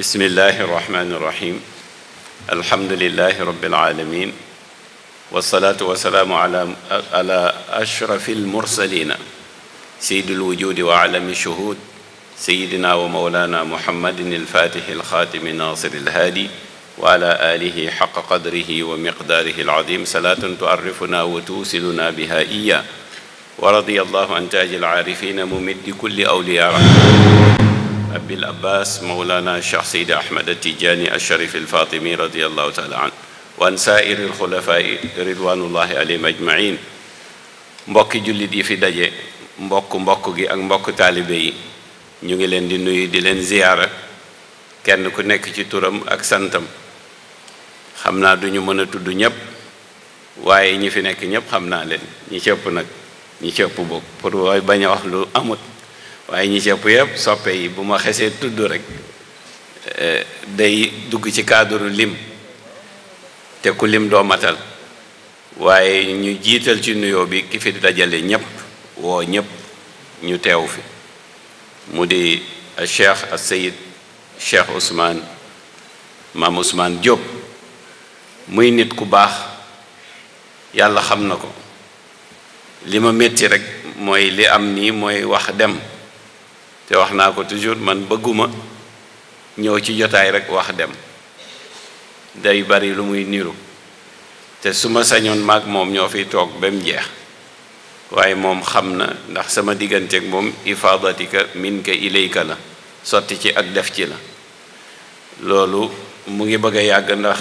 بسم الله الرحمن الرحيم الحمد لله رب العالمين والصلاة والسلام على على أشرف المرسلين سيد الوجود وعلم الشهود سيدنا ومولانا محمد الفاتح الخاتم ناصر الهادي وعلى آله حق قدره ومقداره العظيم صلاة تعرفنا وتوصلنا بها إياه ورضي الله عن تاج العارفين ممد كل أولياء رحمه أبي العباس مولانا الشيخ سيدي أحمد التجاني الشريف الفاطمي رضي الله تعالى عنه وعن سائر الخلفاء رضوان الله عليهم أجمعين mbokki jullit yi fi daje mbokk mbokk gi ak mbokk taalibe yi ñu ngi leen di nuyu di leen ziyaara kenn ku nekk ci turam ak santam xam naa du ñu mën a tudd ñëpp waaye ñi fi nekk ñëpp xam naa leen ñi cëpp nag ñi cëpp bokk pour bañ a wax lu amut waaye ñi ci ëpp yëpp soppe yi bu ma xesee tudd rek e, day dugg ci cadre lim te ku lim doo matal waaye ñu jiital ci nuyoo bi ki fi dajale ñépp woo ñépp ñu teew fi mu di cheikh al sayid cheikh maam Ousmane Diop muy nit ku baax yàlla xam na ko li ma metti rek mooy li am nii mooy wax dem te wax naa ko toujours man bëgguma ñëw ci jotaay rek wax dem day bari lu muy niru te su ma sañoon maag moom ñoo fiy toog ba jeex waaye moom xam na ndax sama digganteeg moom ifaadatika min ka ilayka la sotti ci ak def ci la loolu mu ngi bëgg a yàgg ndax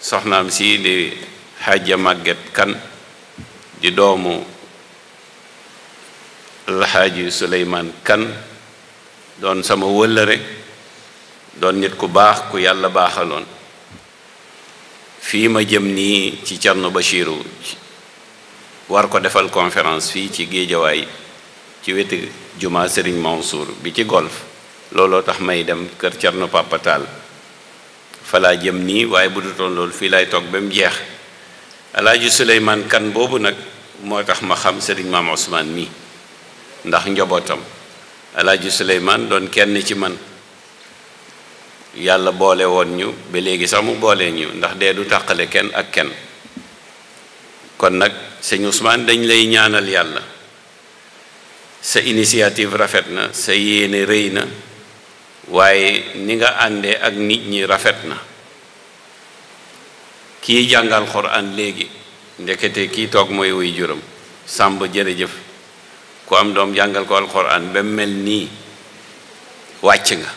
soxnaam si di xaaja màgget kan di doomu alxaaji kan doon sama wëllëre doon nit ku baax ku yàlla baaxaloon fii ma jëm nii ci Thierno Bachirou war ko defal conférence fii ci géejawaay ci wetu jumaa Serigne Mansour bi ci golf looloo tax may dem kër Thierno Papa falaa jëm nii waaye bu dutoon loolu fii lay toog ba mu jeex alaaji Souleymane kan boobu nag moo tax ma xam sëriñ Maam Ousmane mi ndax njobootam alaaji suleymaan doon kenn ci man yàlla boole woon ñu ba léegi sax mu boole ñu ndax dee du tàqale kenn ak kenn kon nag sëñ Ousmane dañ lay ñaanal yàlla sa initiative rafet na sa yéene rëy na waaye ni nga àndee ak nit ñi rafet na kiy jàngal Alxuraan léegi ndekete kii toog mooy wuy juram sàmb jërëjëf ku am doom jàngal ko alquran ba mel nii wàcc nga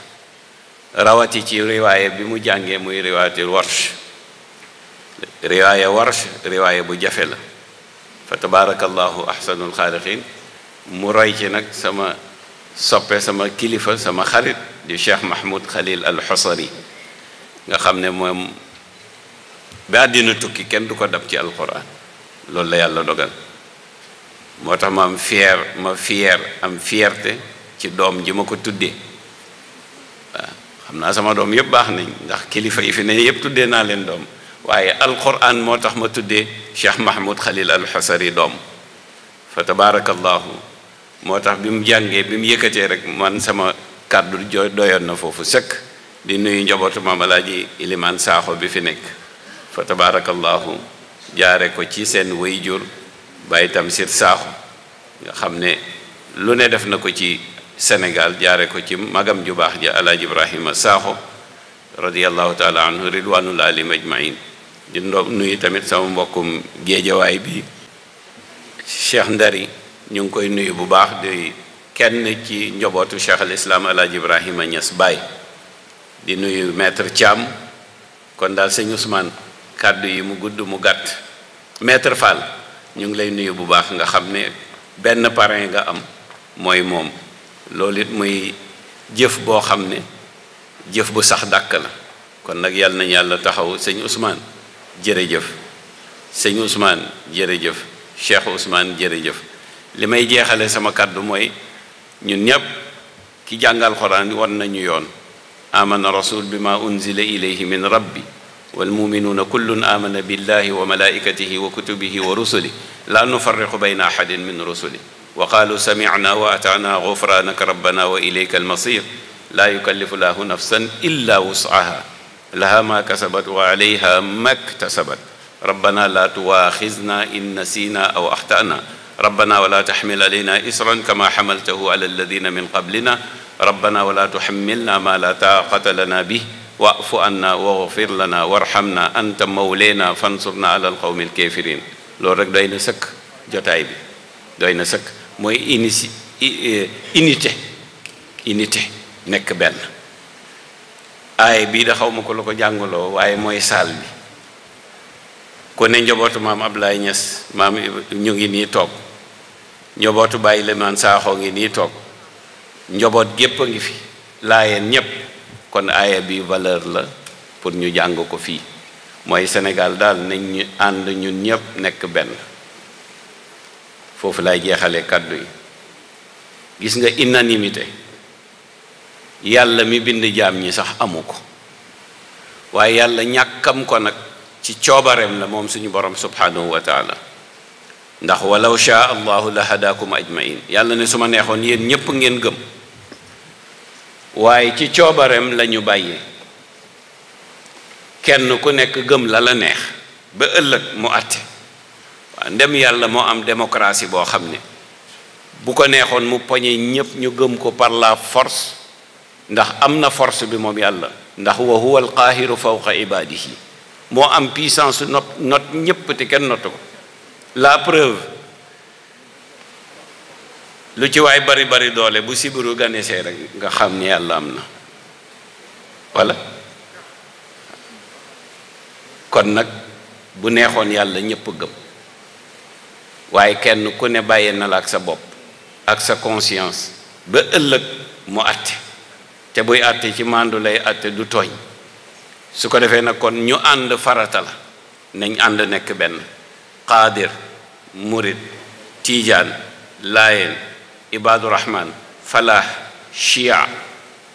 rawati ci riwaaye bi mu jàngee muy riwaayatul warsh riwaaye warsh riwaaye bu jafe la fa tabaarakallahu ahsanul xaaliqin mu roy ci nag sama soppe sama kilifa sama xarit di cheikh mahmoud khalil al xosari nga xam ne moom ba dina tukki kenn du ko dab ci alquran loolu la yàlla dogal motax tax ma am fier ma fier am fierté ci dom ji mako tuddé tuddee waaw sama dom yeb bax nañ ndax kilifa yi fi ne yeb tuddé na len dom waye alquran motax ma tuddé Cheikh Mahmoud Khalil al Xasari doom fa tabarakallah motax bim jangé bim yëkëté rek man sama kàddu doyon na fofu sëkk di nuyu njabootu Maam Alaaji iliman saxo bi fi nek fa tabarakallah jaare ko ci sen wayjur bàyyi Tamsir Sakho nga xam ne lu ne def na ko ci Sénégal jaare ko ci magam ju baax ja Alaaji Ibrahima Sakho radiallahu taala anhu ridwanul alim ajmain di nuyu tamit sama mbokkum géejawaay bi Cheikh Ndari ñu ngi koy nuyu bu baax di kenn ci njobootu Cheikh al Islam Alaaji Ibrahima Niass baay di nuyu maître Thiam kon daal sëñ Ousmane kàddu yi mu gudd mu gàtt maître Fall ñu ngi lay nuyu bu baax nga xam ne benn parrain nga am mooy moom loolu it muy jëf boo xam ne jëf bu sax dàkk la kon nag yàlla nañu yàlla taxaw sëñ Ousmane jërëjëf sëñ Ousmane jërëjëf Cheikh Ousmane jërëjëf li may jeexale sama kàddu mooy ñun ñépp ki jàngal xoraan wan nañu yoon amana rasul bi ma unzila ilayhi rab bi والمؤمنون كل آمن بالله وملائكته وكتبه ورسله لا نفرق بين أحد من رسله وقالوا سمعنا وأتعنا غفرانك ربنا وإليك المصير لا يكلف الله نفسا إلا وسعها لها ما كسبت وعليها ما اكتسبت ربنا لا تواخذنا إن نسينا أو أخطأنا ربنا ولا تحمل علينا إسرا كما حملته على الذين من قبلنا ربنا ولا تحملنا ما لا طاقة لنا به واعف عنا واغفر لنا وارحمنا أنت مولانا فانصرنا على القوم الكافرين loolu rek doy na sëkk jotaay bi doy na sëkk mooy inici e, unité unité nekk benn aay bii da xaw ma ko la ko jàngaloo waaye mooy saal bi ku ne njobootu maam Ablaye Niass maam ñu ngi nii toog njobootu Baye Limane Sakho ngi nii toog njoboot gépp a ngi fi laayeen ñépp kon aaya bi valeur la pour ñu jàng ko fii mooy senegal daal nañ ñu ànd ñun ñépp nekk benn foofu lay jeexale kàddu yi gis nga unanimité yàlla mi bind jaam ñi sax amu ko waaye yàlla ñàkkam ko nag ci coobareem la moom suñu borom subhanahu wa ndax walaw shaa allahu la hadakum ajmain yàlla ne su ma neexoon yéen ñépp ngeen gëm waaye ci coobareem lañu bàyyi kenn ku nekk gëm lala neex ba ëllëg mu àtte waa ndem yàlla moo am démocratie boo xam ne bu ko neexoon mu poñe ñépp ñu gëm ko par la force ndax am na force bi moom yàlla ndax wa huwa alqaahiru fawqa ibaadihi moo am puissance not not ñépp te kenn notu ko la preuve lu ci waay bari bari doole bu sibiru ganisee rek nga xam ni yàlla am na walla kon nag bu neexoon yàlla ñépp gëm waaye kenn ku ne bàyyi na la ak sa bopp ak sa conscience ba ëllëg mu àtte te buy àtte ci màndu lay àtte du tooñ su ko defee nag kon ñu ànd farata la nañ ànd nekk benn xaadir murit tiijaan laayeen عباد rahman فلاح شيع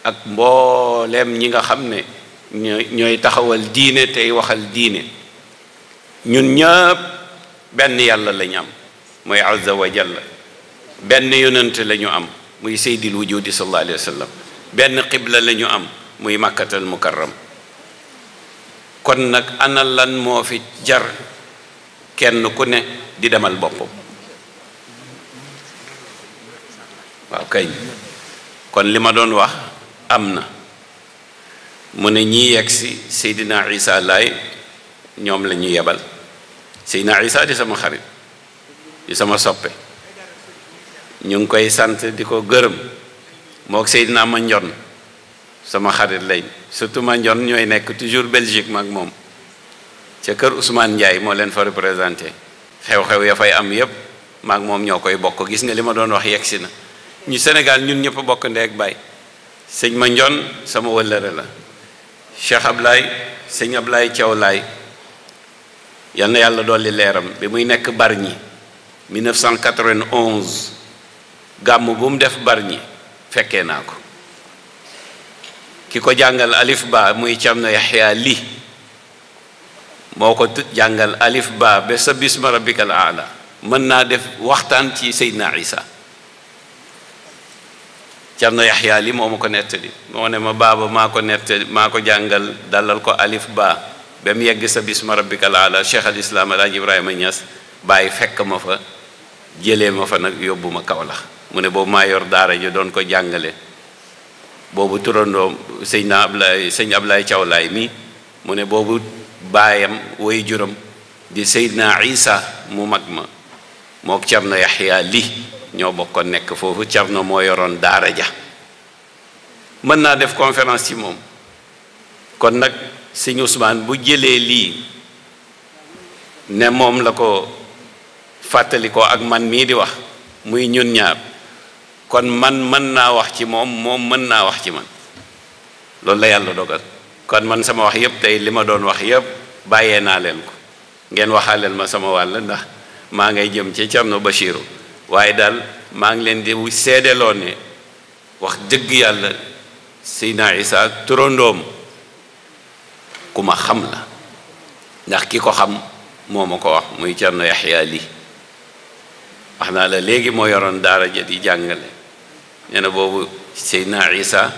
ak mbooleem ñi nga xam ne taxawal diine tey waxal diine ñun ñëpp benn yàlla lañ am moy azza wa jalla benn yonent lañu am muy sayyidul wujudi sallallahu alayhi wasallam benn qibla lañu am muy al mukarram kon nak ana lan mo fi jar kenn ku ne di demal boppam kañ kon li ma doon wax am na ñi si Seydina Isa laay ñoom la yebal Seydina Isa di sama xarit di sama soppe ñu ngi koy sant di ko gërëm mook Seydina ma njon sama xarit lañ surtout ma njon ñooy nekk toujours Belgique mag moom ca kër Ousmane Ndiaye moo leen fa représenté xew-xew ya fay am yépp maag moom ñoo bokk gis nga lima doon wax yegg na ñu Sénégal ñun ñëpp bokk ndee ak baay sëñ ma njoon sama wëllëre la Cheikh ablay sëñ ablay Thiaw lay, yal na yàlla dolli leeram bi muy nekk Bargny 1991 gamu bu def Bargny fekkee naa kiko jangal alif ba muy Cerno Yaxya Li moko tut jangal alif ba ba sa bisma rabbikal a'la man na def waxtaan ci Seydina Isa Cerno Yaxya li moo ma ko nettali moo ne ma baaba maa ko nettali maa ko jàngal dalal ko alif ba ba yegg sa bisma rabbikal ala cheikh al islam alaaj Ibrahima Niass bàyyi fekk ma fa jëlee ma fa nag yóbbu ma la mu ne boobu mayor daara ji doon ko jàngale boobu turandoo sëñ na Ablaay sëñ Cawlaay mi mu ne boobu baayam way juram di Seydina Isa mu mag ma mook Cerno Yaxya li ñoo bokkoon nekk foofu Thierno moo yoroon daara ja mën naa def conférence ci moom kon nag sëñ Ousmane bu jëlee lii ne moom la ko fàttali ko ak man mii di wax muy ñun ñaar kon man mën naa wax ci moom moom mën naa wax ci man loolu la yàlla dogal kon man sama wax yëpp tey li ma doon wax yëpp bàyyee naa leen ko ngeen waxaaleel ma sama wàll ndax maa ngay jëm ci Thierno Bachirou waye dal ma ngi len di seedeloo ne wax deug yàlla sayna Isa turondom kuma xam la ndax kiko xam momako wax muy Cerno yahya Li waxna la legi mo yoron dara je di jàngale nee bobu sayna Isa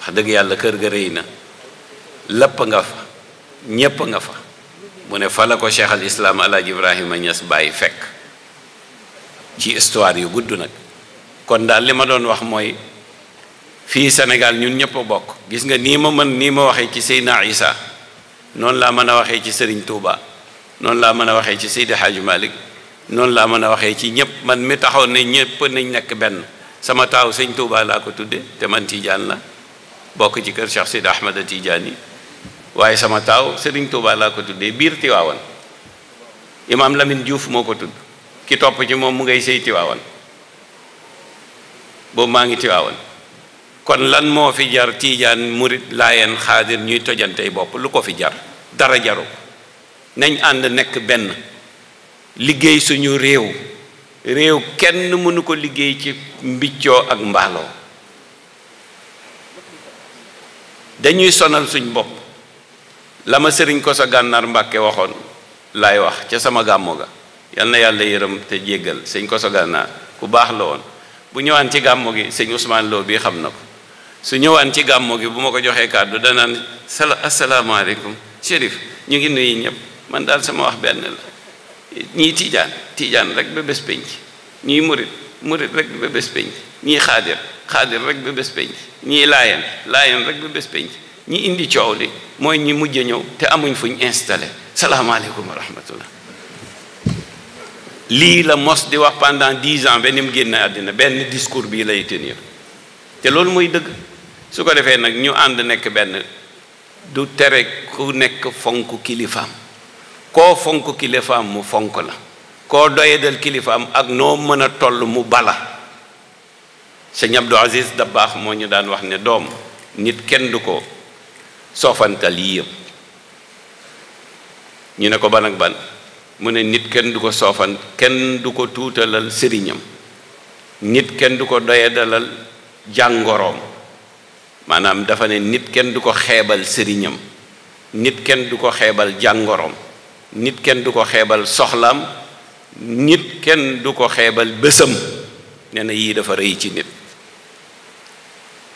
wax deug yàlla keur ga reyna lépp nga fa ñépp nga fa mune fa la ko cheikh al islam alaji ibrahim Ñas bàyyi fek ci histoire yu gudd nag kon daal li ma doon wax mooy fii Sénégal ñun ñëpp bokk gis nga nii ma mën nii ma waxee ci Seydina Isa noonu laa mën a waxee ci Serigne Touba noonu laa mën a waxee ci Seydi Hadji Malick noonu laa mën a waxee ci ñëpp man mi taxaw ne ñëpp nañ nekk benn sama taaw sëñ Touba laa ko tudde te man Tidiane la bokk ci kër Cheikh Seydi Ahmada Tidiane yi waaye sama taaw Serigne Touba laa ko tuddee biir Tiwaawan Imaam Lamine Diouf moo ko tudd Kita apa cuma moom mu ngay sëy Tiwaawan boobu maa ngi kon lan moo fi jar tiijaan murit laayeen xaadir ñuy tojantey bopp lu ko fi jar dara jaru nañ ànd ligai benn liggéey suñu réew réew kenn mënu ko liggéey ci ak dañuy sonal suñ bopp la ko sa gànnaar mbàkke waxoon laay wax ca sama gamoga yal na yàlla yërëm te jéggal sëñ Koso Gànnaar ku baax la woon bu ñëwaan ci gàmmo gi sëñ Ousmane Lo bii xam na ko su ñëwaan ci gàmmoo gi bu ma ko joxee kàddu danaan sala asalaamaaleykum Chérif ñu ngi nuyu ñëpp man daal sama wax benn la ñii tiijaan tiijaan rek ba bés penc ñii murit murit rek ba bés penc ñii xaadir xaadir rek ba bés penc ñii laayeen laayeen rek ba bés penc ñi indi coow li mooy ñi mujj ñëw te amuñ fuñ installé salaamaaleykum wa rahmatullah lii la mos di wax pendant dix ans ba ni mu génne àddina benn discours bii lay tenir te loolu mooy dëgg su ko defee nag ñu ànd nekk benn du tere ku nekk fonk kilifaam koo fonk kilifaam mu fonk la koo doyedal kilifaam ak noo mën a toll mu bala sëñ Abdou Aziz Dabakh moo ñu daan wax ne doom nit kenn du ko soofantal yii yëpp ñu ne ko ban ak ban mu ne nit kenn du ko soofan kenn du ko tuutalal sëriñam nit kenn du ko doyadalal jàngoroom maanaam dafa ne nit kenn du ko xeebal sëriñam nit kenn du ko xeebal jàngoroom nit kenn du ko xeebal soxlaam nit kenn du ko xeebal bésam nee yii dafa rëy ci nit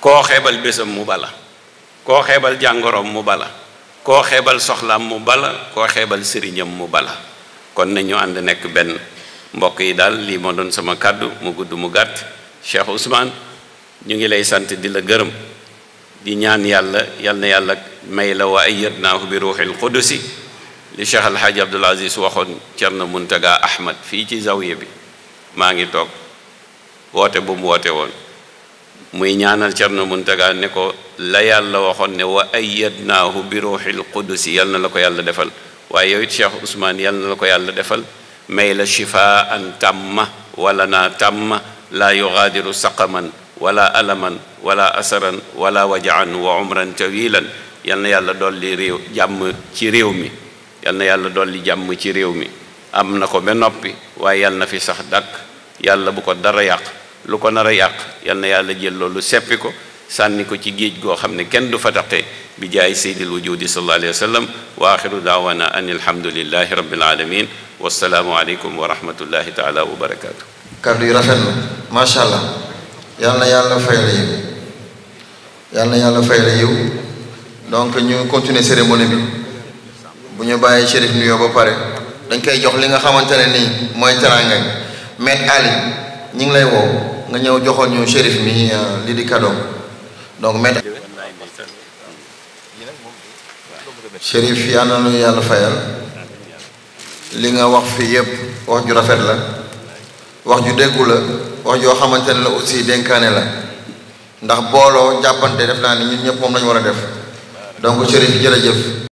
koo xeebal bésam mu bala koo xeebal jàngoroom mu bala koo xeebal soxlaam mu bala koo xeebal sëriñam mu bala kon nañu ànd nekk benn mbokk yi daal lii moo doon sama kàddu mu gudd mu gàtt Cheikh Ousmane ñu ngi lay sant di la gërëm di ñaan yàlla yal na yàlla may la wa ayyadnaahu bi ruuxil qudusi li Cheikh El Hadj Abdoul Aziz waxoon Thierno Mountaga Ahmad fii ci zawiya bi maa ngi toog woote bu mu woote woon muy ñaanal Thierno Mountaga ne ko la yàlla waxoon ne wa ayyadnaahu bi ruuxil qudusi yal na la ko yàlla defal waaye yow it Cheikh Ousmane yal na la ko yàlla defal may la shifaan tàmma wala naa tàmma laa yugaadiru saqaman wala alaman wala asaran wala wajaan wa umran tawilan yal na yàlla dolli réew jàmm ci réew mi yal na yàlla dolli jàmm ci réew mi am na ko ba noppi waaye yal na fi sax dàkk yàlla bu ko dara yàq lu ko nar a yàq yal yàlla jël loolu seppi ko sànni ko ci géej goo xam ne kenn du fa بجاه سيد الوجود صلى الله عليه وسلم واخر دعوانا ان الحمد لله رب العالمين والسلام عليكم ورحمه الله تعالى وبركاته كادي رافل ما شاء الله يالنا يالنا فايلي يالنا يالنا فايلي دونك ني كونتيني سيريموني بي بو باي شريف نيو با بار دنج جوخ ليغا خامتاني ني موي ترانغا مين علي نينغ لاي وو nga ñew joxoon ñu shérif mi euh, li di kadoom Chérif yaa na nu yàlla fayal li nga wax fii yëpp wax ju rafet la wax ju déggu la wax joo xamante ne la aussi denkaane la ndax booloo jàppante def naa ni ñun ñëpp moom lañu war a def donc Chérif jërëjëf